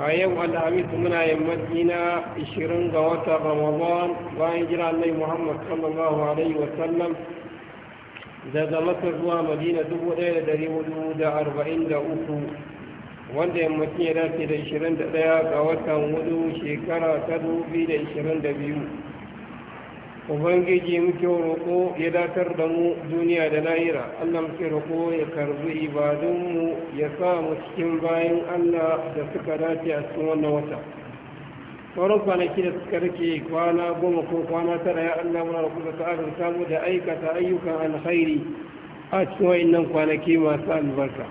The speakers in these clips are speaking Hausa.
a yau alhamis muna yammaci na 20 ga wata ramadan bayan jira annai muhammad sallallahu alaihi wasallam daga masar zuwa madina 1443 wanda yammacin ya dace da 21 ga watan hudu shekara ta 2022 ubangiji muke roƙo ya datar da mu duniya da lahira allah muke roƙo ya karbi ibadunmu ya sa mu cikin bayan allah da suka dace a cikin wannan wata sauran kwanaki da suka rike kwana goma ko kwana tara ya allah muna roƙo da ta'adar samu da aikata ayyukan alkhairi a cikin wayannan kwanaki masu albarka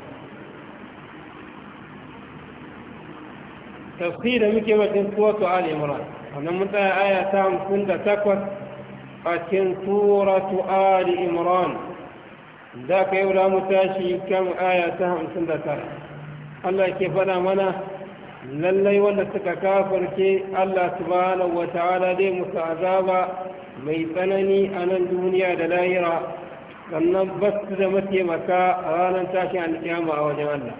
tafsir da muke mutum kuwa su al-imran wannan mutane aya ta hamsin da takwas أتن سورة آل إمران ذاك يولا متاشي كم آية تهم سندتر الله كفنا منا lallai wanda suka kafarce Allah subhanahu wa ta'ala zai musu azaba mai tsanani a nan duniya da lahira sannan ba da mataimaka a ranar tashin alkiyama a wajen Allah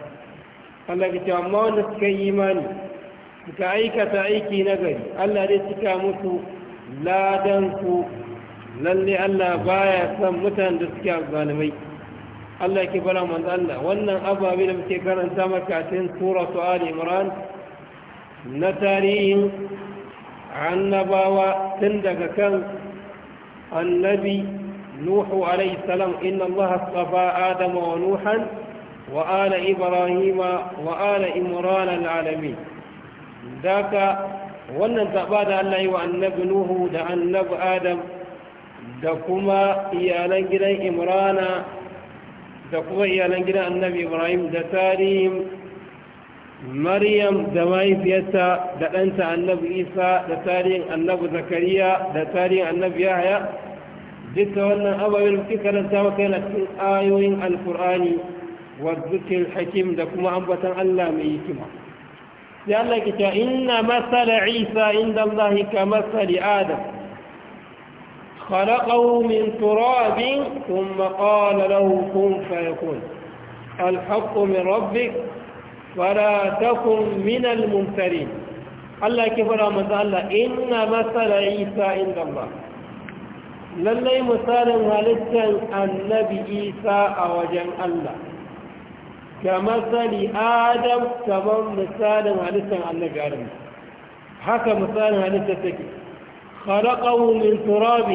Allah ya ce amma wanda suka yi imani suka aikata aiki na gari Allah zai cika musu ladan ku. lalle Allah baya son mutanen da suke azzalimai Allah yake Bala manzo Allah wannan ababe da muke karanta maka cikin su Ali Imran na tarihin annabawa tun daga kan annabi Nuhu alaihi salam inna Allah astafa Adam wa Nuhan wa ala Ibrahim wa ala Imran alalamin daka wannan taba da Allah yi wa annabi Nuhu da annabi Adam da kuma iyalan gidan imrana da kuma iyalan gidan annabi ibrahim da tarihin maryam da mahaifiyarta da ɗanta annabi isa da tarihin annabi zakariya da tarihin annabi yahaya duka wannan ababen suke karanta maka yana cikin ayoyin alkur'ani wa zikir hakim da kuma ambatan allah mai hikima sai allah ke cewa inna masala isa inda allahi ka masali adam خلقه من تراب ثم قال له كن فيكون الحق من ربك فلا تكن من الممترين الله كيف رمز الله إن مثل عيسى عند الله للي مثال غلطا النبي عيسى أوجا الله كمثل آدم كما مثال غلطا النبي آدم حكى مثال غلطا خلقه من تراب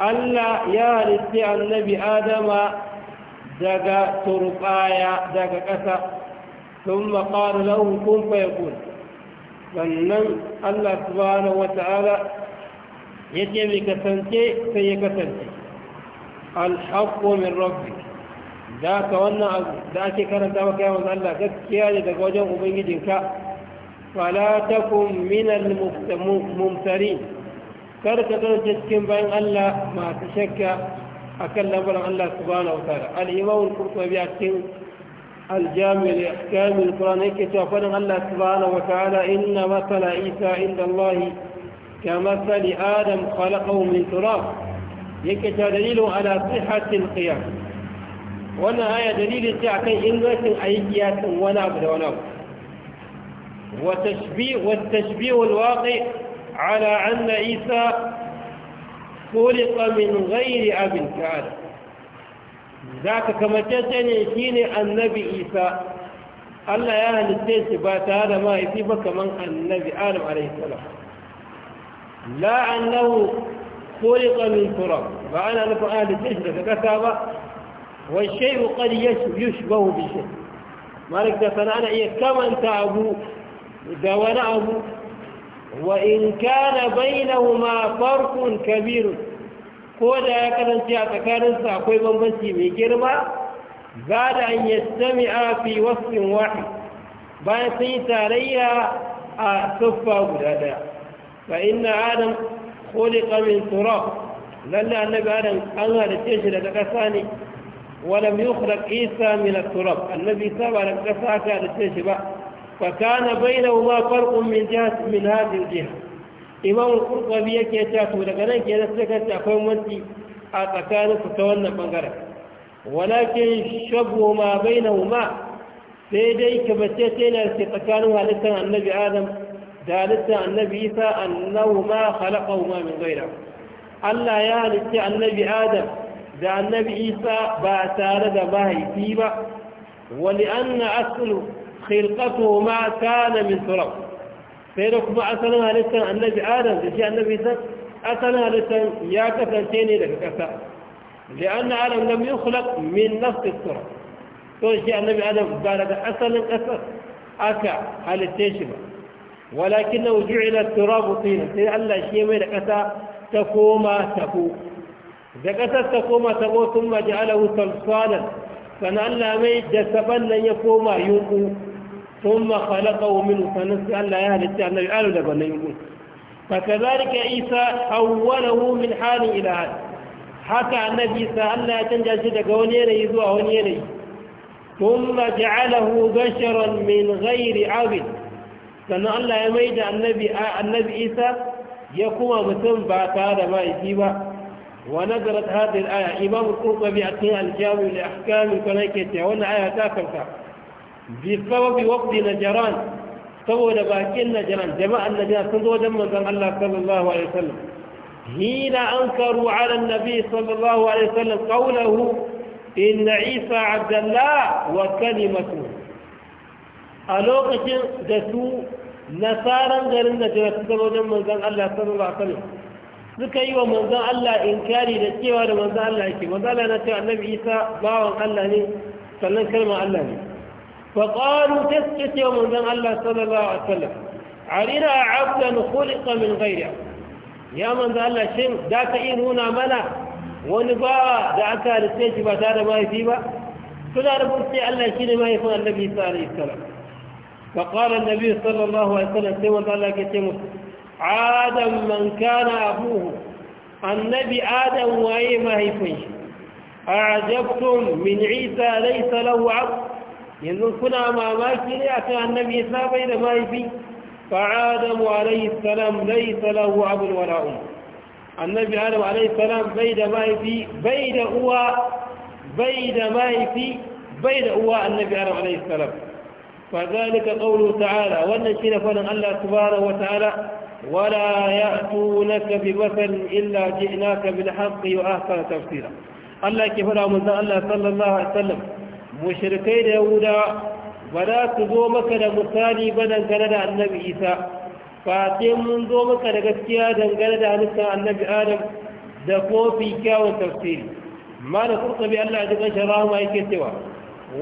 Allah ya halitti annabi Adama daga turbaya daga ƙasa sun maƙar lahun kun fayakun sannan Allah subhanahu wa ta'ala ya ce mai kasance sai ya kasance alhaƙo rabbi da ka wannan abu da ake karanta maka yawon Allah gaskiya ne daga wajen ubangijinka fala takum minal mumtarin كارك درجت كم بين الله ما تشكى أكل بر الله سبحانه وتعالى الإمام القرطبي أكتم الجامع لأحكام القرآن الكتاب كتابنا الله سبحانه وتعالى إن مثل عيسى عند الله كمثل آدم خلقه من تراب يك دليل على صحة القيام وانا آية دليل تعكي إنوة أيديات ونابد ونابد وتشبيه والتشبيه الواقع على أن عيسى خلق من غير أب تعالى ذاك كما تتني شيني النبي عيسى Allah ya halitta shi ba tare da mahaifi ba kamar annabi Adam alaihissalam la annahu khuliqa min turab ba ana nufin an daga kasa ba wa shay'u qad yushbahu bi shay malik da ana iya kamanta abu da wani abu in kana bainahu ma kabir ko da ya karanci a tsakaninsu akwai bambanci mai girma za da an yi a fi wasfin bayan sun yi tarayya a tuffa guda daya ba ina adam kodi kamin tura lalle annabi adam an halice shi daga kasa ne wadda mai isa na tura annabi sa ba kasa aka halice shi ba fakana bai farqun min jihati min hadhihi jiha imam al-qurtubi yake cewa to daga nan kenan sai ka akwai wanti a tsakanin ta wannan bangaren sai dai ka ce ne ke tsakanin halittar annabi adam da halittar annabi isa annahuma khalaqahuma min ghaira Allah ya halitta annabi adam da annabi isa ba tare da mahaifi ba an na aslu خلقته ما كان من تراب فيرك ما أسلها لسان النبي آدم لشيء النبي ذات أسلها لسا يا كثنتيني لك كثا لأن آدم لم يخلق من نفس التراب فشيء النبي آدم قال هذا أسل أسل أكا هل تشبع ولكنه جعل التراب طينا لألا شيء من كثا تكوما تكو ذكثت تكوما تكو ثم جعله صلصالا فنعلم جسبا لن يكوما يوقو ثم خلقه منه فنسي الله يهل النبي قالوا لبنا يقول فكذلك عيسى حوله من حال إلى حال حكى النبي عيسى الله يتنجى شدك ونيني يزوى ونيني ثم جعله بشرا من غير عبد sannan Allah ya mai da annabi isa ya kuma mutum ba tare da ma'aiki ba wa nazarat hadhihi al-aya imam qurtubi a cikin al-jami' li ahkam kana ke cewa aya ta karka bisababi na najran saboda bakin najran jama'an najran sun zo wajen manzon Allah sallallahu alaihi wasallam hina an ankaru ala annabi sallallahu alaihi wasallam qawluhu inna isa abdullah wa kalimatu a lokacin da su nasaran garin najran sun zo wajen manzon Allah sallallahu alaihi wasallam suka yi wa manzon Allah inkari da cewa da manzon Allah yake manzon Allah na cewa annabi isa bawan Allah ne sannan kalmar Allah ne فقالوا تسكت يوم من الله صلى الله عليه وسلم علينا عبدا خلق من غيره يا من ذا الله شن ذاك إن إيه هنا منا ونباء ذاك رسيش بتار ما يفيبا فلا ربطي الله شن ما يفعل النبي صلى الله عليه وسلم فقال النبي صلى الله عليه وسلم سيما الله كتمه عادم من كان أبوه النبي آدم وأي ما يفنش أعجبتم من عيسى ليس له عبد yanzu kuna mamaki ne akan annabi ya sabai da mahaifi fa'adamu alayhi salam laisa lahu abun wala um annabi adam alayhi salam bai da mahaifi bai da uwa bai da mahaifi bai da uwa annabi adam alaihi salam فذلك ala? تعالى والنشين فلن الله سبحانه وتعالى ولا يأتونك بمثل إلا جئناك بالحق وأحسن تفسيرا الله كفر من الله صلى الله عليه وسلم mushrikai da yahudawa ba za su zo maka da misali ba dangane da annabi isa ba sai mun zo maka da gaskiya dangane da halittar annabi adam da kofi kyawun tafsiri ma da kurkubi allah ya ji ƙanshin rahama yake cewa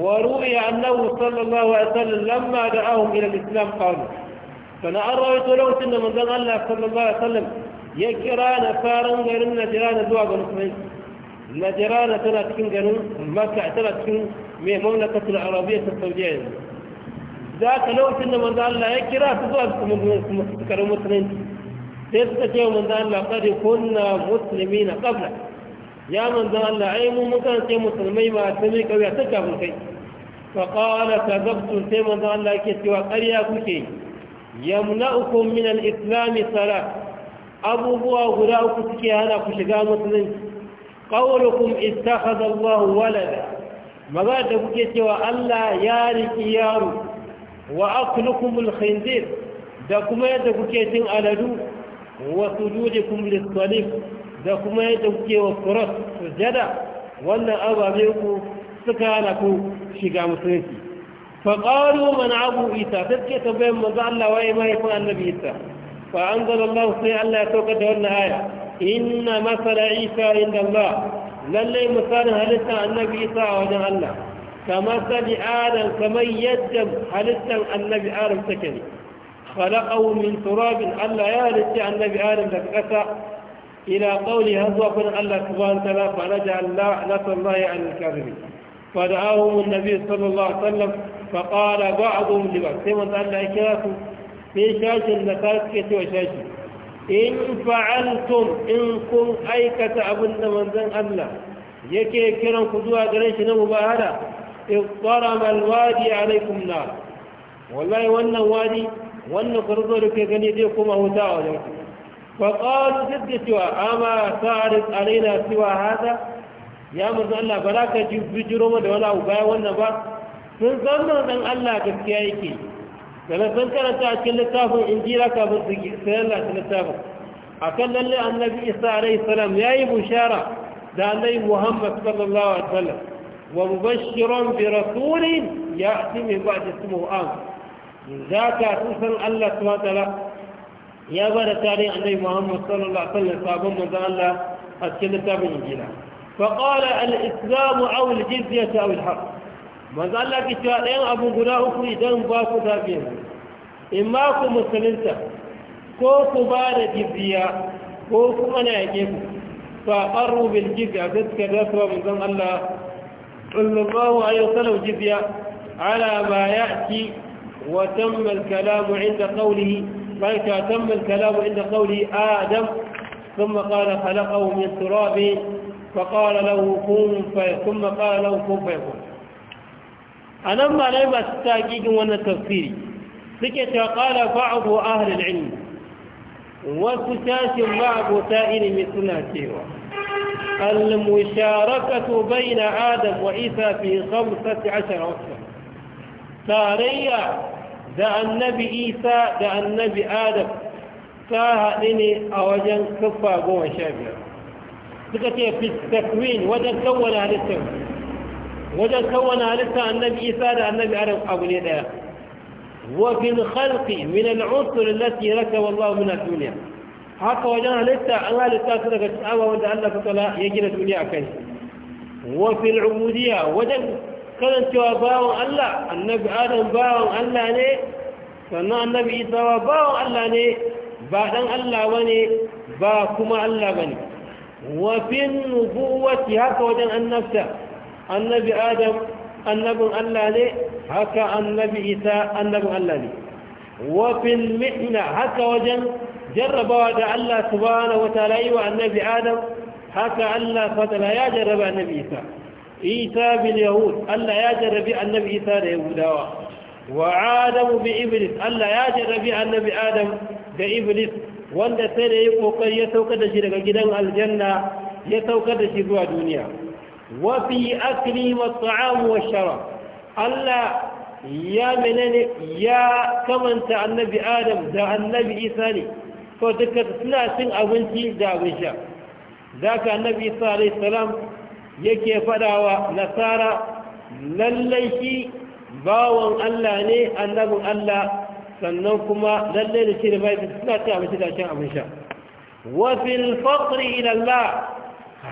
wa ru'ya annahu sallallahu alaihi wasallam lamma da ahum ila islam qalu sana an rawaito lokacin da manzon allah sallallahu alaihi wasallam ya kira na faran garin najirana zuwa ga musulunci najirana tana cikin garin makka tana cikin من مملكة العربية السعودية ذاك لوت إن من ذا الله يكرا تضعف مستكر مسلمين تذكت يوم من ذا الله قد كنا مسلمين قبل يا من ذا الله عيم مكان تي مسلمين ما أسلمين كوي أتكاب فقال كذبت تي من ذا الله كتوا قريا كي يمنعكم من الإسلام صلاة أبو بوا غراء كتكي أنا كشقا مسلم قولكم اتخذ الله ولدا magana da kuke cewa Allah ya riki yaro wa al khinzir da kuma yadda kuke cin aladu wa sujudikum lis-salif da kuma yadda kuke wa qurat sujada wannan ababe ku suka hana ku shiga musulunci fa qalu man abu isa take tambayar manzo Allah wa ai mai annabi isa fa anzala Allah sai Allah ya tauka da wannan aya inna masala isa inda Allah lallai misalin halittar annabi isa a wajen Allah kama sani adam kamar yadda halittar annabi adam take ne khalaqahu min turabin Allah ya halitta annabi adam daga ƙasa ila qawli har zuwa fadin Allah ba wa ta'ala fa naja Allah la sallahi an al-kadhibi fa da'ahu an-nabi sallallahu alaihi wasallam fa qala ba'dhum li ba'd sai manzo Allah ya kira su sai shashin da ka suke cewa shashin. in fa'altum in kun aikata abin da manzan Allah yake kiran ku zuwa gare shi na mubahara malwadi a alaikum na wallahi wannan wadi wannan kwarzo da ke gani zai kuma huta a wajen ku duk da sidda cewa ama sa'arid alaina siwa hada ya mutu Allah ba za ka ji bijiro mu da abu. bayan wannan ba sun zama manzon Allah gaskiya yake sannan sun karanta a cikin littafin injira kafin su sayar da littafin a kan lalle annabi isa alaihi salam ya yi bushara da annabi muhammad sallallahu alaihi wasallam wa mubashiran bi rasulin ya ci mai ba da su mu'am za ka tusan allah subhanahu ta'ala ya ba da tarihin annabi muhammad sallallahu alaihi wasallam sabon manzon allah a cikin littafin injira فقال الإسلام أو الجزية أو الحق manzo Allah ke cewa ɗayan abu guda uku idan ba ku zaɓe in ma ku musulunta ko ku ba da jizya ko kuma na yaƙe ku fa qaru bil jizya gaskiya da su manzon Allah sallallahu alaihi wasallam jizya ala ma ya'ti wa tamma al kalam inda qawlihi بل تم الكلام عند قول آدم ثم قال خلقه من تراب فقال له كن ثم قال له كن فيكون a nan malai masu taƙiƙin wannan tafsiri suke ta ƙala ba'abu ahalin ilmi wasu tashin ma'abota ilimi suna cewa al-musharakatu bayna adam wa isa fi 15 wasa tarayya da annabi isa da annabi adam ta haɗu ne a wajen kafa goma sha biyar suka ce fi wajen kawana halittar wajen kawana halitta annabi isa da annabi adam abu ne daya Wafin fil khalqi min al'usr allati raka wallahu min ad haka wajen halitta an halitta su daga tsawa wanda Allah ta'ala ya gina duniya akai wa fil ubudiyya wajen karancewa bawon Allah annabi adam bawon Allah ne sannan annabi isa wa bawon Allah ne ba dan Allah bane ba kuma Allah bane wa fil nubuwwati haka wajen annabta annabi adam annabin Allah ne haka annabi isa annabin Allah ne wafin mihna haka wajen jarrabawa da Allah subhanahu wataala yi wa annabi adam haka Allah fatala ya jarraba annabi isa isa bil yahud Allah ya jarrabi annabi isa da yahudawa wa adamu bi iblis Allah ya jarrabi annabi adam da iblis wanda sai da ya kokari ya saukar da shi daga gidan aljanna ya saukar da shi zuwa duniya wafi akli masu ta'amu wa shara Allah ya menene ya kamanta annabi adam da annabi isa ne ko duka suna cin abinci da abin sha Za ka annabi isa alayhi salam yake fadawa nasara lallai shi bawan Allah ne annabin Allah sannan kuma lallai da shi da bai suna cin abinci da cin abin sha wa fil faqri ila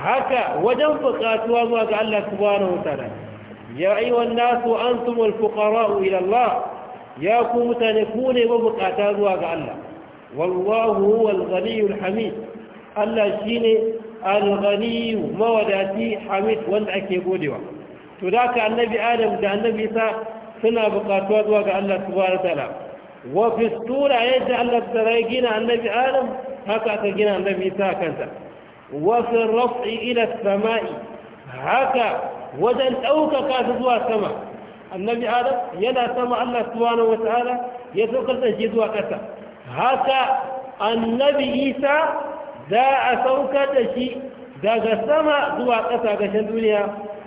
haka wajen bukatuwa zuwa ga Allah subhanahu wataala ya ayyuhan nasu antumul fuqara'u ila Allah ya ku mutane ku ne mabukata zuwa ga Allah wallahu huwal ghaniyul hamid Allah shi ne ghani mawadati hamid wanda ake godewa to da ka annabi adam da annabi isa suna bukatuwa zuwa ga Allah subhanahu wataala wa fi sura yadda Allah ta gina annabi adam haka aka gina annabi isa kansa وفي الرفع إلى السماء هكا وجن أوكك تزوى سما النبي آدم ينا سما الله سبحانه وتعالى يسوق التجدوى كسا هكا النبي إيسى داء سوك تشي daga sama zuwa ƙasa gashin duniya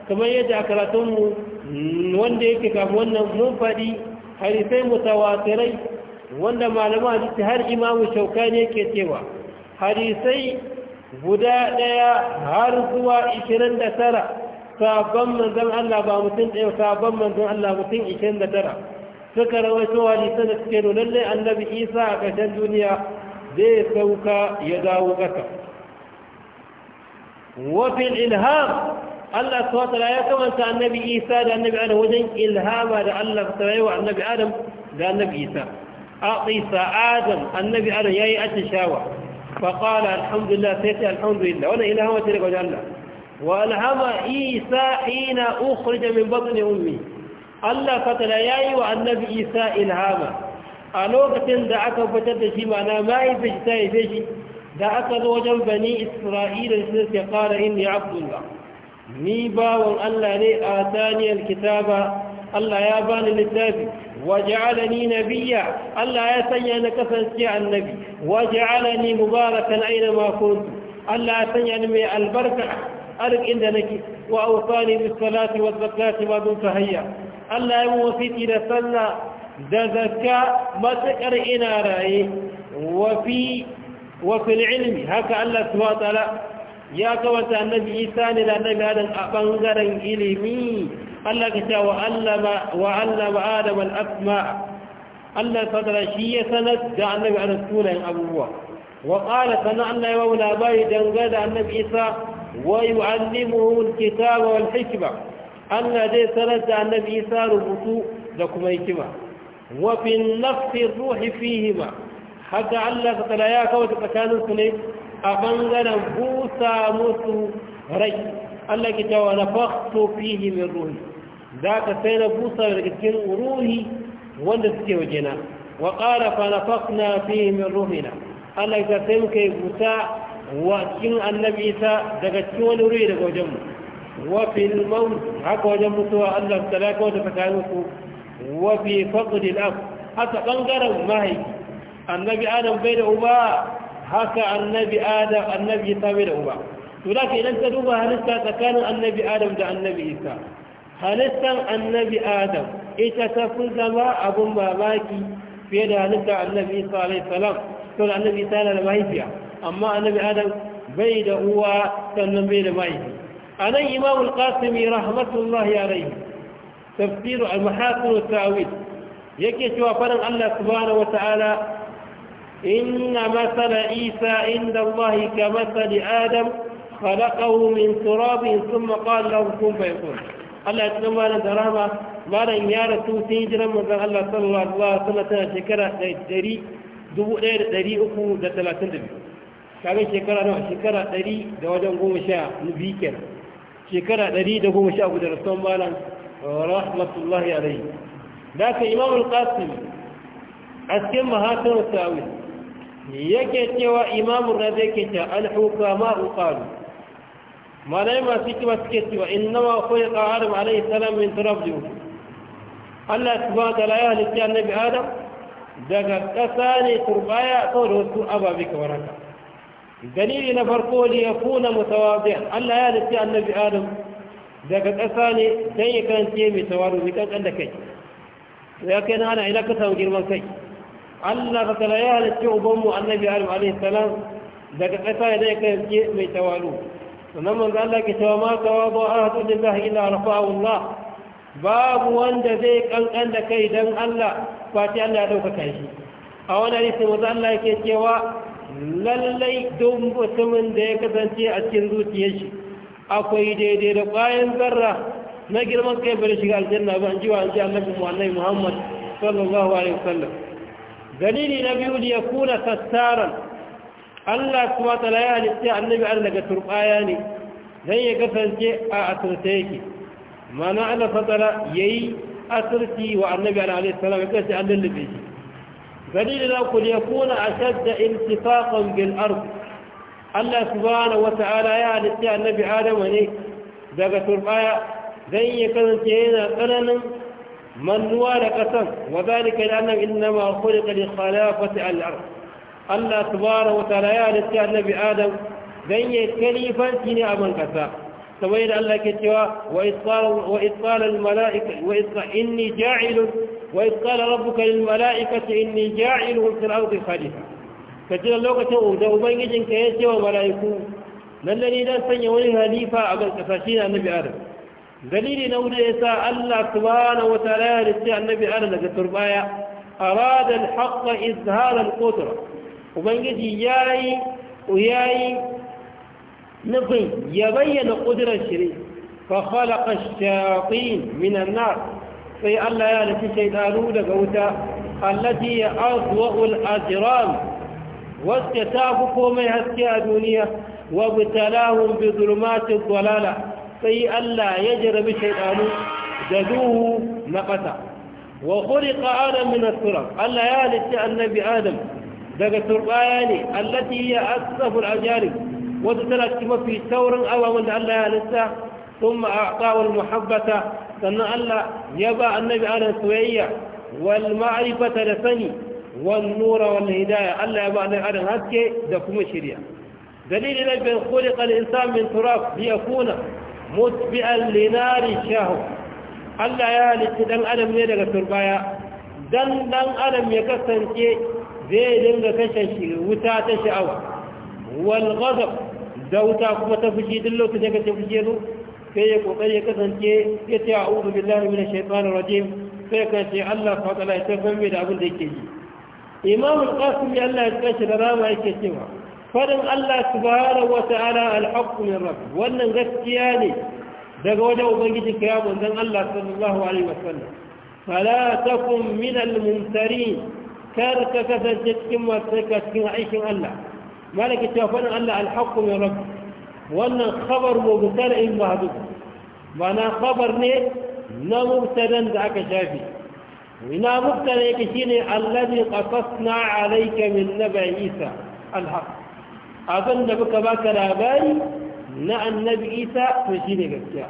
kamar yadda a karatunmu wanda yake kafin wannan mun faɗi harisai mutawatirai wanda malama hadisi har imamu shaukani yake cewa harisai guda ɗaya har zuwa ishirin da tara sabon manzon Allah ba mutum ɗaya sabon manzon Allah mutum ishirin da tara suka rawaito hadisan da suke nuna ne annabi isa a ƙarshen duniya zai sauka ya dawo ƙasa wafin ilham Allah su swt ya kamanta annabi isa da annabi adam wajen ilhama da Allah su yi wa annabi adam da annabi isa a isa adam annabi adam ya yi atishawa faƙala alhamdulillah sai sai alhamdulillah wannan ina hama shirka wajen Allah wa alhama isa ina ukuri da min batu ne ummi Allah fatala ya yi wa annabi isa ilhama a lokacin da aka fitar da shi mana mahaifin ta yi da aka zo wajen bani isra'ila shi suke ƙara in ya abdulla ni bawon Allah ne a taniyar kitaba Allah ya bani littafi waje'alani nabiya Allah ya sanya na kasance annabi waje'alani mubarakan aina ma kuntu Allah ya sanya ni mai albarka arik inda nake wa awsani bis salati wa zakati wa dun sahiya Allah ya wasiti da sallah da zakka matakar ina raye wa fi ilmi haka Allah subhanahu wa ta'ala ya kawata annabi isa ne da annabi adam a bangaren ilimi Allah ka ce wa Allah allama adam al'asma Allah sadara shi ya sanar da annabi a sunayen abubuwa wa ƙara sana Allah ya wawu labari dangane da annabi isa wa yi wa'allimuhun kitaba wal hikima Allah zai sanar da annabi isa rubutu da kuma hikima wa fi nafsi ruhi fihima haka Allah sadara ya tsakanin su ne a ɓangaren busa musu rai Allah ke cewa na fakto fihi min ruhi Za ka sai na busa daga cikin ruhi wanda suke wajena wa ƙara fanafakna fi min ruhina Allah ya sai muka yi busa wa cikin annabi isa daga cikin wani ruhi daga wajenmu wa fi maut haka wajen mutuwa Allah ta laka wata tsakaninku wa fi faqdil ab haka ɓangaren mahaifi annabi adam bai da uba haka annabi adam annabi isa bai da uba to da ka idan ka duba halitta tsakanin annabi adam da annabi isa halittar annabi adam ita ta fi zama abin babaki fiye da halittar annabi isa alaihissalam to da annabi isa da mahaifiya amma annabi adam bai da uwa sannan bai da mahaifi a nan imamul qasimi rahmatullahi alaihi tafsiru al-mahasin wa ta'awil yake cewa farin Allah subhanahu wa ta'ala inna masala isa inda Allah ka masali adam خلقه من تراب ثم قال له كن فيكون Allah ya ci zama da darama malam ya rasu sai hijiran manzon Allah sallallahu alaihi wasallam tana shekara biyu kaga shekara nawa shekara ɗari da wajen goma sha biyu kenan shekara ɗari da goma sha da rasuwan malam rahmatullahi alaihi da ka imam al-qasim askin mahatar sawi yake cewa imam rabi yake cewa al-hukama qalu malai masu hikima suke cewa innama ko ya ƙa'ar alaihi salam min turab jiwu Allah subhanahu wa ta'ala ya halitta annabi Adam daga ƙasa ne turbaya da wasu ababe kamar haka dalili na farko ne ya kuna mutawadi Allah ya halitta annabi Adam daga ƙasa ne dan ya kance mai tawaru mai kankan da kai ya kai na ana ina ka samu girman kai Allah ta ya halitta ubanmu annabi Adam alaihi salam daga ƙasa ne dan ya kance mai tawaru sannan manzo Allah ke cewa ma tawadu ahadu lillahi illa rafa'ahu Allah babu wanda zai kankan da kai dan Allah fati Allah ya daukaka shi a wani hadisi manzo Allah ke cewa lallai don mutumin da ya kasance a cikin zuciyar shi akwai daidai da bayan zarra na girman kai bari shiga aljanna ba an ji wa an ji annabi Muhammad Muhammad sallallahu alaihi wasallam dalili na biyu da ya kuna tattaran Allah kuma ta ya halitta annabi an daga turbaya ne dan ya kasance a asirta yake mana Allah fatara yayi asirti wa annabi alaihi salam ya kasance an lullube shi dalilin da ku ya kuna ashadda intifaqan bil ard Allah subhanahu wata'ala ya halitta annabi Adam ne daga turbaya dan ya kasance yana tsananin mannuwa da kasan wa zalika lanna innama khuliqa li khalafati al ard Allah subhanahu wa ta'ala ya halitta annabi Adam dan ya kalifanci ne a ban kasa saboda Allah ke cewa wa isqala wa isqala al malaika wa isqa inni ja'il wa isqala rabbuka lil malaikati inni ja'ilun fil ardi khalifa kaje lokacin da ubangijin ka ya ce wa malaiku lalle ni dan sanya wani halifa a ban kasa shine annabi Adam dalili na wuri yasa Allah subhanahu wa ta'ala ya halitta annabi Adam daga turbaya arada al haqqa izhara al qudrah ubangiji ya yi nufin ya bayyana ƙudurar shiri fa khalaqa shayatin minan nar sai Allah ya nufi shaytanu daga wuta allati ya azwa al wasu ta fi komai haske a duniya wa bitalahum bi zulumati dalala sai Allah ya jarabi shaytanu da duhu na ƙasa wa khuliqa adam min Allah ya halitta annabi adam daga turbaya ne allati ya asfa al wata tana ci mafi saurin abubuwan da Allah ya halitta sun ma'aɓa wal muhabbata sannan Allah ya ba annabi adam soyayya wal da sani wal nura wal Allah ya ba annabi adam haske da kuma shirya dalilin na biyan kodi insan min turaf bi ya kuna mutbi'an linari shahu Allah ya halitta dan adam ne daga turbaya dan dan adam ya kasance zai dinga kashe shi wuta ta sha'awa wal ghadab da wuta kuma ta fushi duk lokacin da ta fushi zo sai ya kokari ya kasance ya ce a'udhu billahi minash shaitanir rajim sai ka ce Allah fa ta ya tabbata da abin da yake yi imam al-qasim ya Allah ya tsaye da rama yake cewa fadin Allah subhanahu wa ta'ala al-haqq min rabb wannan gaskiya ne daga wajen ubangiji kiyamun dan Allah sallallahu alaihi wasallam fala takum min al-mumtarin kar ka kasance cikin masu tsarka cikin aikin Allah malaki cewa faɗin Allah alhaqqu min rabu. wannan khabar in mubtara'in mahdud ma'ana khabar ne na mubtadan da aka shafi ina mubtada yake shine allazi qasasna alayka min nabi isa alhaq abin da muka baka labari na annabi isa to shine gaskiya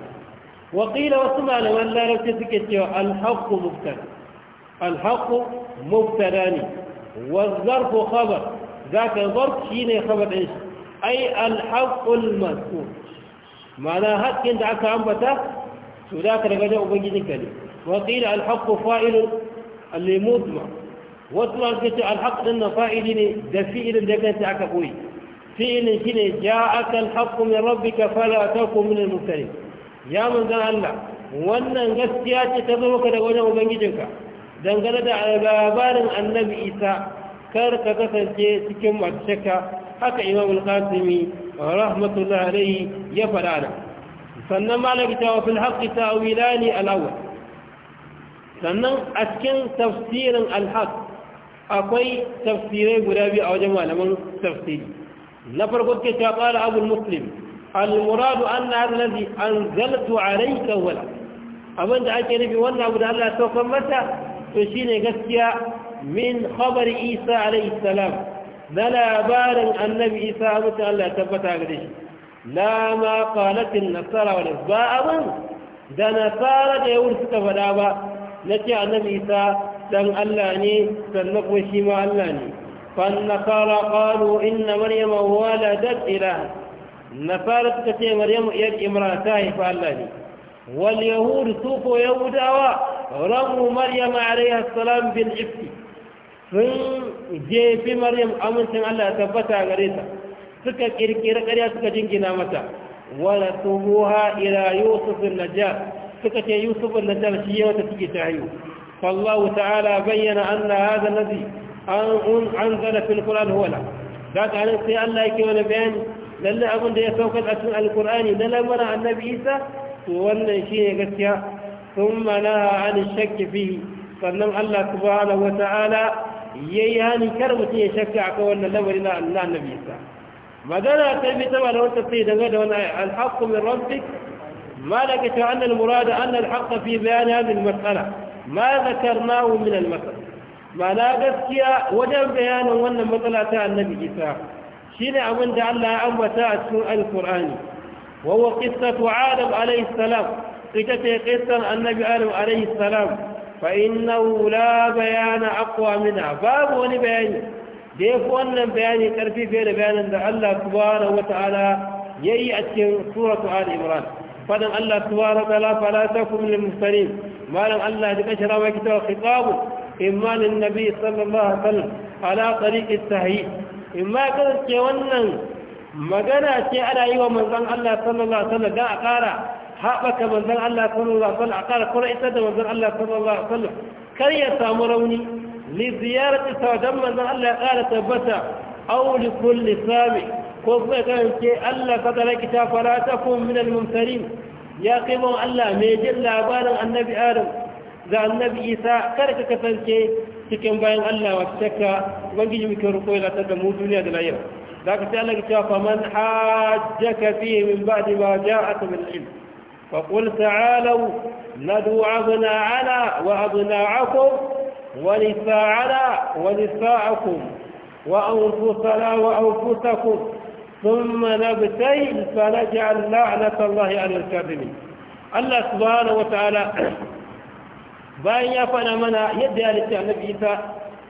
wa qila wasu malaman larabci suke cewa alhaqqu mubtada alhaƙo mubtada ne wazzarfu khabar za ka zarf shi ne khabar ɗin ai alhaƙul masu ma'ana haƙƙin da aka ambata to da ka daga jan ubangijinka ne waƙila alhaƙo fa'ilun alimutma wasu ma suka ce alhaƙ ɗin na fa'ili ne da fi'ilin da kanta aka ɓoye fi'ilin shi ne ja aka alhaƙo min rabbika ta ya Allah wannan gaskiya ce ta zama maka daga wajen ubangijinka dangane da labarin annabi isa kar ka kasance cikin masu shakka haka imam al-qasimi rahmatullahi alayhi ya fara nan sannan malaki ta wafin haƙƙi ta wilani al'awar sannan a cikin tafsirin alhaq akwai tafsirai guda biyu a wajen malaman tafsiri na farko ke ta ƙara abul muslim al-muradu an na hada nazi an zalatu a rai kawala abinda ake nufi wannan abu da allah saukan mata to shine gaskiya min khabar isa alaihi salam na labarin annabi isa mutum allah ya tabbata gare shi Na ma qalatin nasara wal ba abin da nasara da yawur suka faɗa ba na ce annabi isa dan allah ne sannan kuma shi ma allah ne فالنصارى suka ce مريم ولدت إلها ta haifa Allah ne. إمراتاه Yahudu واليهود سوق يهوداوا ramu maryam alaiha salam bil ifki sun jefi maryam amincin Allah ya tabbata gare ta suka kirkira ƙarya suka jingina mata wala tubuha ila yusuf najjar suka ce yusuf najjar shi ya wata suke ta hayo fallahu ta'ala bayyana anna hadha alladhi an anzala fil qur'an wala. da ka nan sai Allah yake wani bayani lalle abin da ya sauka a cikin alqur'ani na lamarin annabi Isa to wannan shine gaskiya ثم نهى عن الشك فيه sannan Allah subhanahu wata'ala yayi hani kar mutum ya shakka akan wannan lamari na Allah nabi sa magana ta bi ta malamin daga wannan al-haqq min rabbik ma laka ta anna al-murad anna al-haqq fi bayan hadhihi al-mas'ala ma dhakarnahu gaskiya wajen bayanin wannan matsala ta annabi isa shine abin da Allah ya ambata a cikin al wa adam alayhi Kita ce ƙisar annabi adam alaihi salam fa innahu wula bayana aqwa minha babu wani bayani da fi wannan bayani ƙarfi fiye da bayanin da Allah subhanahu ya yi a cikin suratu ali imran fadan Allah subhanahu wata'ala fala takum lil musalim. malam Allah da kashara wa kitabu khitabu imma lin nabi sallallahu alaihi wasallam ala tariq at-tahyi imma kada ce wannan magana ce ana yi wa manzon Allah sallallahu alaihi wasallam da a ƙara haɓaka manzan Allah sallallahu alaihi a ƙara kuma ita da manzan Allah sallallahu alaihi wasallam kar ya samu rauni li ziyarati saudan manzan Allah ya ƙara tabbata aw li kulli sami ko kuma ya ke Allah ka tsara ki ta fara ta kun min al mumtarin ya kai mu Allah me jin labarin annabi Adam da annabi Isa kar ka kasance cikin bayan Allah wacce ka ubangiji muke roƙo ya ta da mu duniya da lahira ذاك man فمن حاجك min من بعد ما جاءك من العلم فقل تعالوا ندعو أبناءنا وأبناءكم ونساءنا ونساءكم وأنفسنا وأنفسكم ثم نبتهل فنجعل لعنة الله على الكاذبين الله سبحانه وتعالى bayan ya faɗa mana yadda ya halitta annabi isa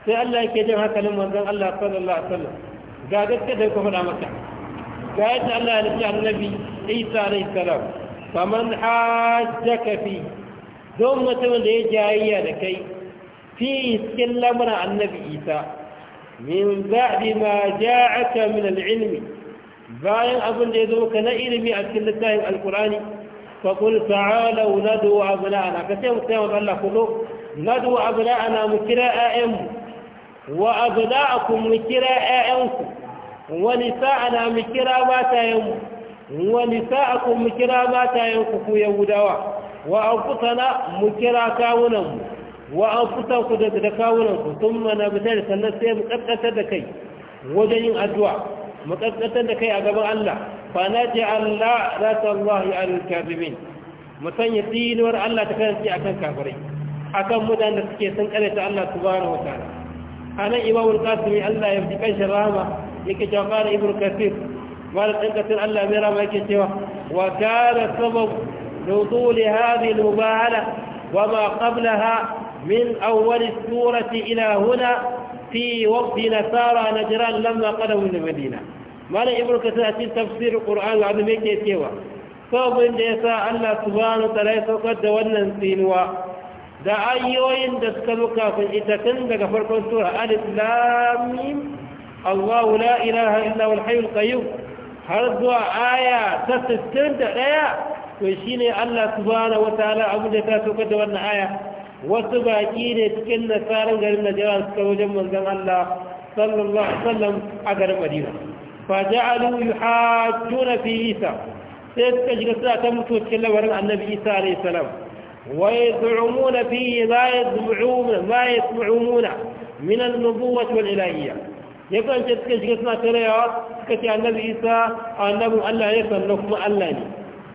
sai Allah yake jin hankalin manzon Allah sallallahu alaihi wasallam ga gaskiya da kuma faɗa maka ga yadda Allah ya halitta annabi isa alaihi salam faman hajjaka fi don mutumin da ya jayayya da kai fi iskin lamuran annabi isa min ba'di ma ja'aka min al'ilmi bayan abin da ya zo ka na ilimi a cikin littafin alkurani فقل تعالوا ندعو أبناءنا كثير مستمع قال لكم ندعو أبناءنا مكراء أم وأبناءكم مكراء أمكم ونساءنا مكراء مات يمكم sa'a nisa'akum mu kira matayen ku ya yahudawa wa an na mu kira kawunan mu wa ku da da kawunan ku mana nabtar sannan sai mu kaddatar da kai wajen yin addu'a mu kaddatar da kai a gaban Allah fa ce Allah ratallahi al-kadhibin mu sanya tsinuwar Allah ta a akan kafirai akan mutanen da suke sun ta Allah subhanahu A nan imamul qasimi Allah ya fi kanshi rahama yake jawabara Ibrahim kasir malar ɗinkatun Allah mera mai ke cewa wa kada sabon lutuli haɗi lubahala wa ma ƙabla ha min auwari turati ina huna fi waɗi nasara na jiran lamma ƙadamun da madina malar ibrukatun a cikin tafsirin ƙura'an a zume ke cewa sabon da ya sa Allah su ba ni tsarai saukar da wannan tsinuwa da ayyoyin da suka muka sun ita tun daga farkon tura alif lamim Allah la ilaha illa wal hayyul har zuwa aya ta 61 to shine Allah subhanahu wataala abu da ta sauka da wannan aya wasu baki ne cikin nasarar garin Najeriya suka wajen manzon Allah sallallahu alaihi wasallam a garin Madina fa ja'alu yuhajjuna fi Isa sai suka shiga suna ta mutu cikin labarin Annabi Isa alaihi salam wa yad'umuna fi ma yad'umuna ma yad'umuna min an-nubuwwah wal ilahiyya ya kwanci suka shiga suna tarayawa suka ce annabi isa annabin allah ya sannan kuma allah ne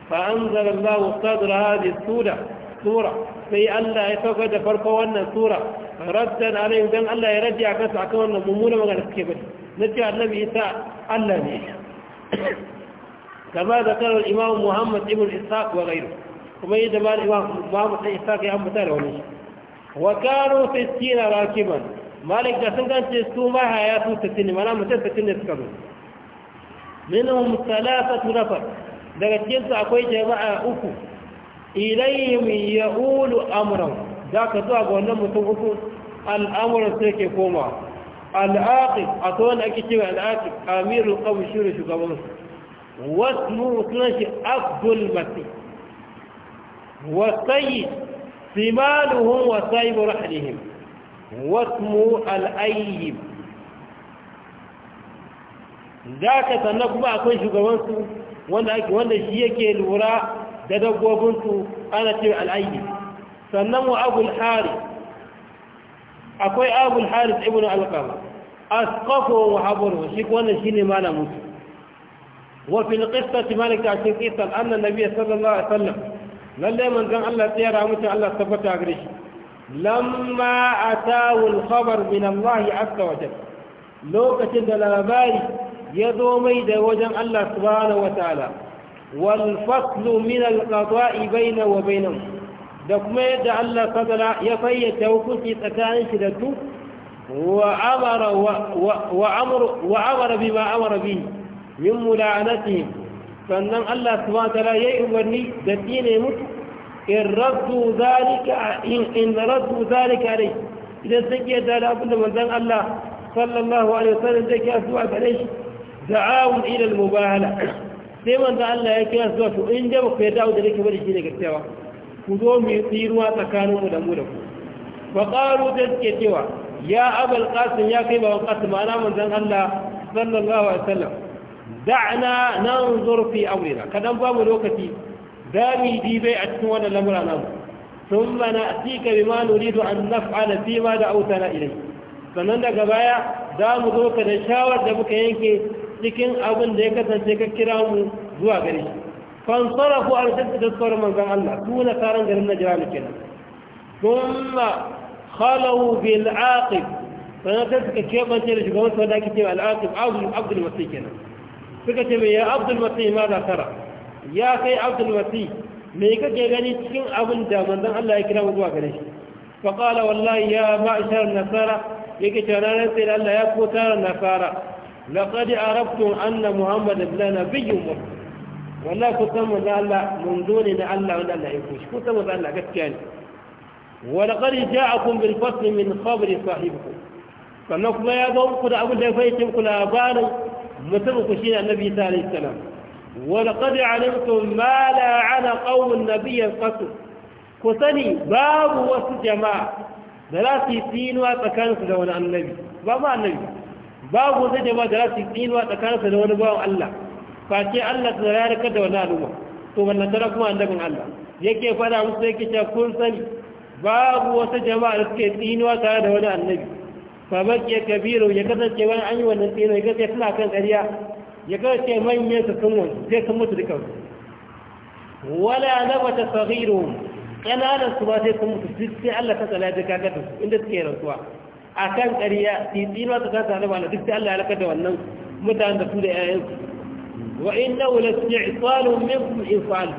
fa an zara allah wasu hadi sura sura sai allah ya sauka da farko wannan sura raddan alayhim dan allah ya radi akan su akan wannan mummunan magana suke bari na ce annabi isa allah ne kama da karar imam muhammad ibn ishaq wa gairu kuma yadda ma imam muhammad ibn ishaq ya ambata da wani wa kanu sittina rakiban malik da sun gance su ma haya su sittin ne mana mutum sittin ne suka zo minhum thalathatu nafar daga cikin su akwai jama'a uku ilayhim ya'ulu amran ka zuwa ga wannan mutum uku al'amuran sai ke koma al'aqib a to wanda ake cewa al'aqib amirul qawm shuru shugaban su wasmu sunan shi abdul masih wa sayyid simaluhum wa sayyibu rahlihim wasmu al'ayyib Da ka sannan kuma akwai shugabansu wanda shi yake lura da dabbobinsu ana ce al'ayyi. sannan wa abul akwai abul haris ibn alkama wa haɓarwa shi wannan shi ne malamusu وفي القصة مالك عشان قصة أن النبي صلى الله عليه وسلم للي Allah قال الله تيارا متى الله gare shi. lamma a tawul kabar min Allah azza wa jalla lokacin da labari ya zo mai da wajen Allah subhanahu wa ta'ala wal faslu min al-qada'i wa bainahu da kuma yadda Allah ta'ala ya fayyace hukunci tsakanin shi da su wa amara wa amara sannan Allah subhanahu yayi umarni da tsine mutu in raddu zalika in raddu zalika dai idan sun iya da abin da manzon Allah sallallahu alaihi wasallam zai kira zuwa gare shi da'awun ila al-mubahala sai manzo Allah ya kira zuwa to in da ku ya dawo da nake bari shi daga cewa ku zo mu yi ruwa tsakanin mu da mu da ku fa qalu da suke cewa ya abul qasim ya kai bawan qasim ana manzon Allah sallallahu alaihi wasallam da'na nanzur fi amrina kadan babu lokaci a cikin wannan دامي دي بي أتنوان الأمر أمام ثم نأتيك بما fi ma da فيما na إليه sannan daga baya za mu zo ka da shawar da muka yanke cikin abin da ya kasance ka kira mu zuwa gare shi fansara ko arsanta da tsoron manzan Allah tuna karan garin na jira muke nan kuma khalau bil aqib sannan ta suka kebance da shugaban sau da ake ce al aqib abdul abdul masih kenan suka ce mai ya abdul masih ma za tara ya kai abdul wasi me kake gani cikin abin da manzon Allah ya kira mu zuwa gare shi fa qala wallahi ya ma'shar nasara yake cewa ranar sai Allah ya ko tara nasara laqad arabtum anna muhammad ibn nabiyyun wallahi ku san manzon Allah mun dole da Allah wanda Allah ya kushi ku san manzon Allah gaskiya ne wa laqad ja'akum bil fasl min khabri sahibikum sannan kuma ya zo ku da abin da ya fahimci ku labarin mutum ku shi ne annabi isa alaihi salam Wani ƙadar canimta ma lalawa a cana a kawun na Ku sani babu wasu jama'a. Dalatu da Tiziri suna tsakaninsa da wani annabi. Babu wasu jama'a Dalatu da Tiziri suna tsakaninsa da wani baban Allah. Fasin Allah na raya da ka dawana To wanne tara kuma annabin Allah? Ya ke faɗa musu yaƙi shagon sani? Babu wasu jama'a da ta ke Tiziri suna da wani annabi. Baban ƙirƙabiru ya kasance mana an yi wannan tsirrai, gaske suna kan ɗariya. ya ga ce manyan su sun wanzu sai sun mutu dukan wala na nabata saghiruhum kananan su ba sai sun mutu duk sai Allah ta tsala da kaga da inda suke rantsuwa A kan akan ƙarya titina ta ta tsala ba duk sai Allah ya lakar da wannan mutanen da su da yayan su wa innahu lasti'salun minkum ifal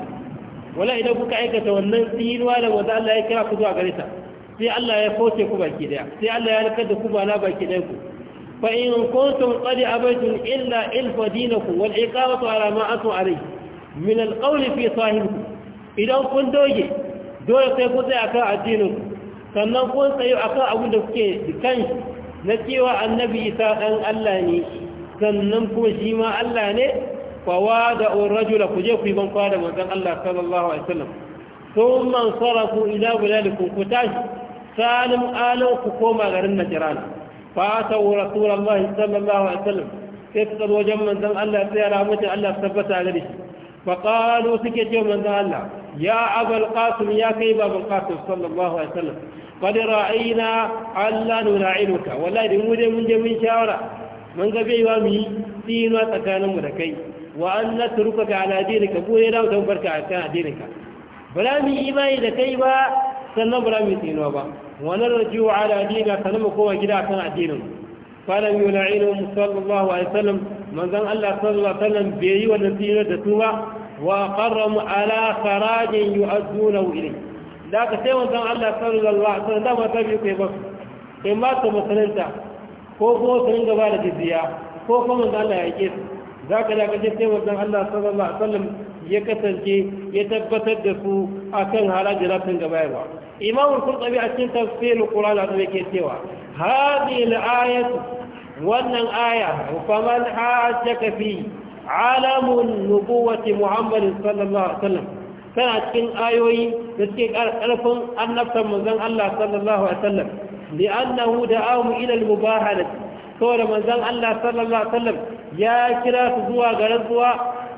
wala idan kuka aikata wannan tinuwa da wanda Allah ya kira ku zuwa gare ta sai Allah ya kauce ku baki daya sai Allah ya lakar da ku ba na baki daya ku فإن كنتم قد أبيتم إلا إلف دينكم والإقامة على ما أنتم عليه من القول في صاحبكم إذا كنت دوجي dole sai ku tsaye akan addinin sannan kun tsaye akan abun da kuke kan na cewa annabi isa ɗan Allah ne sannan kuma shi ma Allah ne kwawa da rajula ku je ku yi bankwa da manzon Allah sallallahu alaihi tashi salim koma garin فاتوا رسول الله صلى الله عليه وسلم يسأل من ذن الله سيرا متى الله ثبت عليه فقالوا سكت يوم ذن الله يا أبا القاسم يا كيب أبا القاسم صلى الله عليه وسلم قد رأينا ألا نلاعنك ولا نمود من جميع شاورا من قبل وامي دين وتكان ملكي وأن نتركك على دينك بوهنا وتنبرك على دينك بلا من إيمان إذا كيبا sannan ba mu tsino ba wani rajiyu ala dina sannan mu koma gida kan addinin falan yula'inu sallallahu alaihi wasallam manzon Allah sallallahu alaihi wasallam bai yi wannan tsino da su ba wa qarramu ala kharajin yu'addunahu ilayhi da ka sai wanzan Allah sallallahu alaihi sallam da mata biyu kai ba kai ma ta musulunta ko kuma su ringa da jizya ko kuma manzon Allah ya yake su zaka da ka sai wanzan Allah sallallahu alaihi sallam? ya kasance ya tabbatar da su akan haraji rafin da bayarwa imam qurtubi a cikin tafsirin qur'ani da yake cewa hadhihi al-ayatu wannan aya faman hajjaka fi alamun nubuwati muhammad sallallahu alaihi wasallam tana cikin ayoyi da suke karfin annabtan manzon Allah sallallahu alaihi wasallam li'annahu da'ahu ila al-mubahalah saboda manzon Allah sallallahu alaihi wasallam ya kira su zuwa ga rantsuwa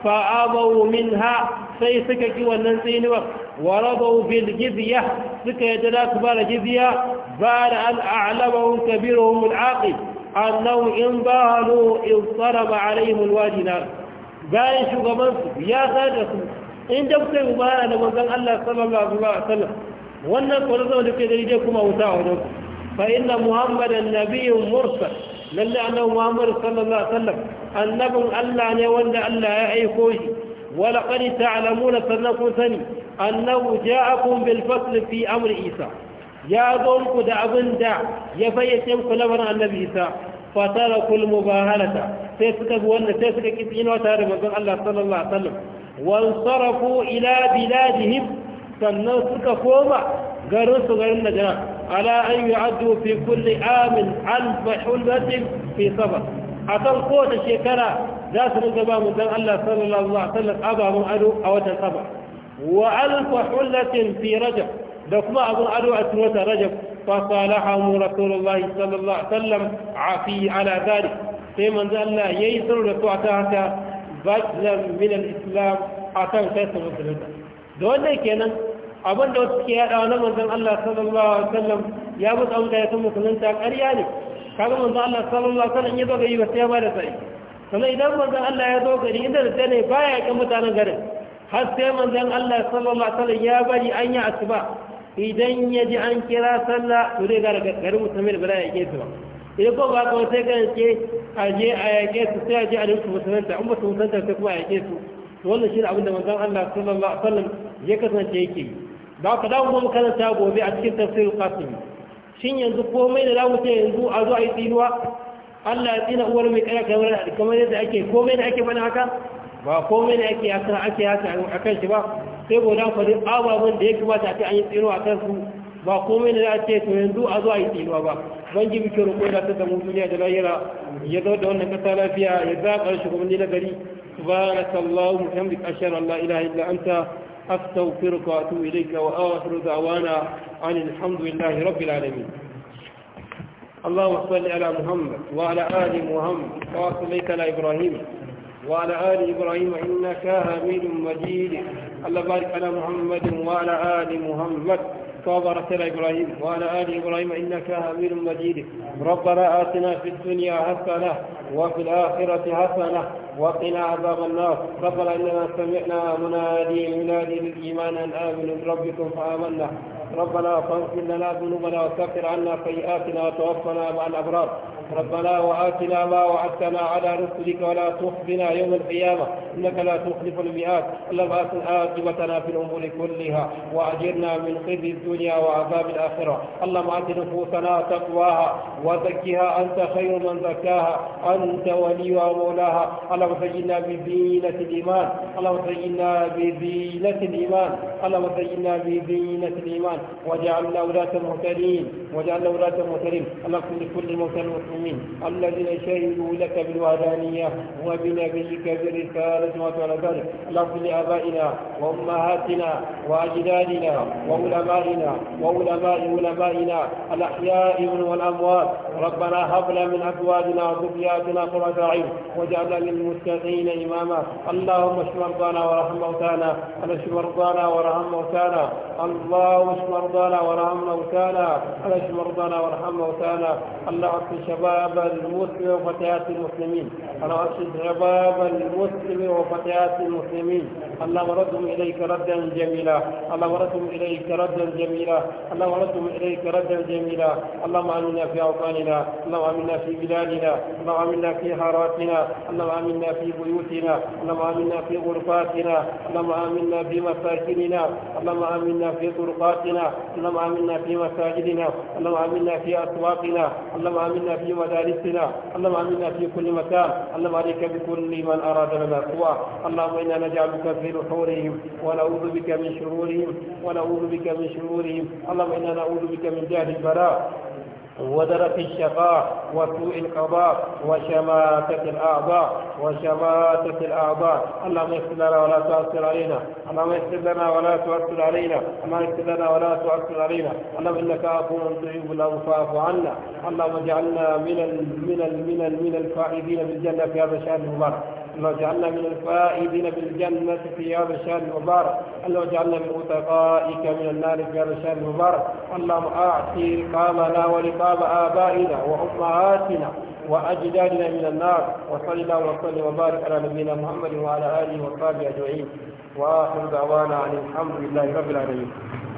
min ha sai suka ki wannan tsinuwar wa rabau bil jizya suka yadda za su ba da jizya ba da an a'lamahum kabiruhum al-aqib annahum in bahalu in saraba alaihim al-wajina bayan shugaban su ya sada su in da kuka yi bayana da manzon Allah sallallahu alaihi wasallam wannan kwarazon da ke da kuma wuta a wajen fa inna muhammadan nabiyyun mursal lalle annabi Muhammad sallallahu alaihi wasallam annabin Allah ne wanda Allah ya aiko shi wala qad ta'lamuna sannan kun sani annahu ja'akum bil fasl fi amr Isa ya zo ku da abin da ya fayyace muku lamarin annabi Isa fa tarakul mubahalata sai suka bi wannan sai suka ki tsinawa tare da manzon Allah sallallahu alaihi wasallam wan sarafu ila biladihim sannan suka koma garin su garin Najran على أن يعدوا في كل عام ألف حلة في صبر أتن قوة شكرا ذات نقبا من دم الله صلى الله عليه وسلم أبا من أدو أو تصبر وألف حلة في رجب دكما أبو أدو أتوة رجب فصالحهم رسول الله صلى الله عليه وسلم عفي على ذلك في من ذا الله ييسر لتعتها بدلا من الإسلام أتن كسر مسلمة دون كنا abin da wasu ke wa na manzan Allah sallallahu alaihi wasallam ya mutu tsawon da ya san musulunta ƙarya ne kaga manzan Allah sallallahu alaihi wasallam ya zo yi ba sai ya ba da sai sannan idan manzan Allah ya zo gari inda da ne baya yaƙin mutanen garin har sai manzan Allah sallallahu alaihi wasallam ya bari an yi asuba idan ya ji an kira sallah to zai ga garin musulmi da ba ke a su ba idan ko ba kawai sai kan ce a je a yaƙe su sai a je a nufi musulunta in ba su musulunta sai kuma a ke su wannan shi ne abin da manzan Allah sallallahu alaihi wasallam ya kasance yake yi da aka dawo mu karanta gobe a cikin tafsirin qasim shin yanzu komai da zamu ce yanzu a zo a yi tsinuwa Allah ya tsina uwar mai kaya kamar kamar yadda ake komai da ake bana haka ba komai da ake haka ake haka kan shi ba sai godan fadi ababen da ya kamata a ce an yi tsinuwa akan su ba komai da za ce to yanzu a zo a yi tsinuwa ba ban ji bikin roƙo da ta samu duniya da lahira ya zo da wannan ƙasa lafiya ya zaɓar shugabanni na gari subhanakallahumma hamdika ashhadu an la ilaha illa anta أستغفرك وأتوب إليك وآخر دعوانا عن الحمد لله رب العالمين اللهم صل على محمد وعلى آل محمد وصليت على إبراهيم وعلى آل إبراهيم إنك حميد مجيد اللهم بارك على محمد وعلى آل محمد وبارك على إبراهيم وعلى آل إبراهيم إنك حميد مجيد ربنا آتنا في الدنيا حسنة وفي الآخرة حسنة وقنا عذاب النار فقال إننا سمعنا مناديا ينادي بالايمان أن آمنوا بربكم فآمنا ربنا فاغفر لنا ذنوبنا وكفر عنا سيئاتنا وتوفنا مع الأبرار ربنا وآتنا ما وعدتنا على رسلك ولا تخزنا يوم القيامة إنك لا تخلف المئات اللهم آتنا عاقبتنا في الأمور كلها وأجرنا من خزي الدنيا وعذاب الآخرة اللهم آت نفوسنا تقواها وزكها أنت خير من زكاها أنت وليها ومولاها اللهم زينا بزينة الإيمان اللهم زينا بزينة الإيمان اللهم زينا بزينة الإيمان واجعلنا ولاة مهتدين واجعلنا ولاة مهتدين اللهم لكل موتى المسلمين الذين شهدوا لك بالوحدانية وبنبيك برسالة وعلى ذلك اللهم لآبائنا وأمهاتنا وأجدادنا وعلمائنا وعلماء علمائنا الأحياء والأموات ربنا هب لنا من أزواجنا وذرياتنا قرة أعين واجعلنا المتقين إماما اللهم اشف مرضانا وارحم موتانا اشف مرضانا وارحم موتانا اللهم اشف مرضانا وارحم موتانا اشف مرضانا وارحم موتانا اللهم اشف شباب المسلم وفتيات المسلمين اللهم اشف شباب المسلم وفتيات المسلمين اللهم ردهم إليك ردا جميلا اللهم ردهم إليك ردا جميلا اللهم ردهم إليك ردا جميلا اللهم آمنا في أوطاننا اللهم آمنا في بلادنا اللهم آمنا في حاراتنا اللهم آمنا آمنا في بيوتنا اللهم آمنا في غرفاتنا اللهم آمنا في مساكننا اللهم آمنا في طرقاتنا اللهم آمنا في مساجدنا اللهم آمنا في أسواقنا اللهم آمنا في مدارسنا اللهم آمنا في كل مكان اللهم عليك بكل من أراد لنا سوء اللهم إنا نجعلك في نحورهم ونعوذ بك من شرورهم ونعوذ بك من شرورهم اللهم إنا نعوذ بك من جهل البلاء ودرك الشقاء وسوء القضاء وشماتة الأعضاء وشماتة الأعضاء اللهم اغفر لنا ولا تؤثر علينا اللهم اغفر لنا ولا تؤثر علينا اللهم اغفر لنا ولا تؤثر علينا اللهم إنك عفو تحب العفو فاعف عنا اللهم اجعلنا من من ال من ال من الفائزين بالجنة في هذا الشهر المبارك اللهم اجعلنا من الفائزين بالجنة في هذا الشهر المبارك اللهم اجعلنا من متقائك من النار في هذا الشهر المبارك اللهم أعطي رقابنا ورقاب آبائنا وأمهاتنا وأجدادنا من النار وصلى الله وسلم وبارك على نبينا محمد وعلى آله وصحبه أجمعين وآخر دعوانا أن الحمد لله رب العالمين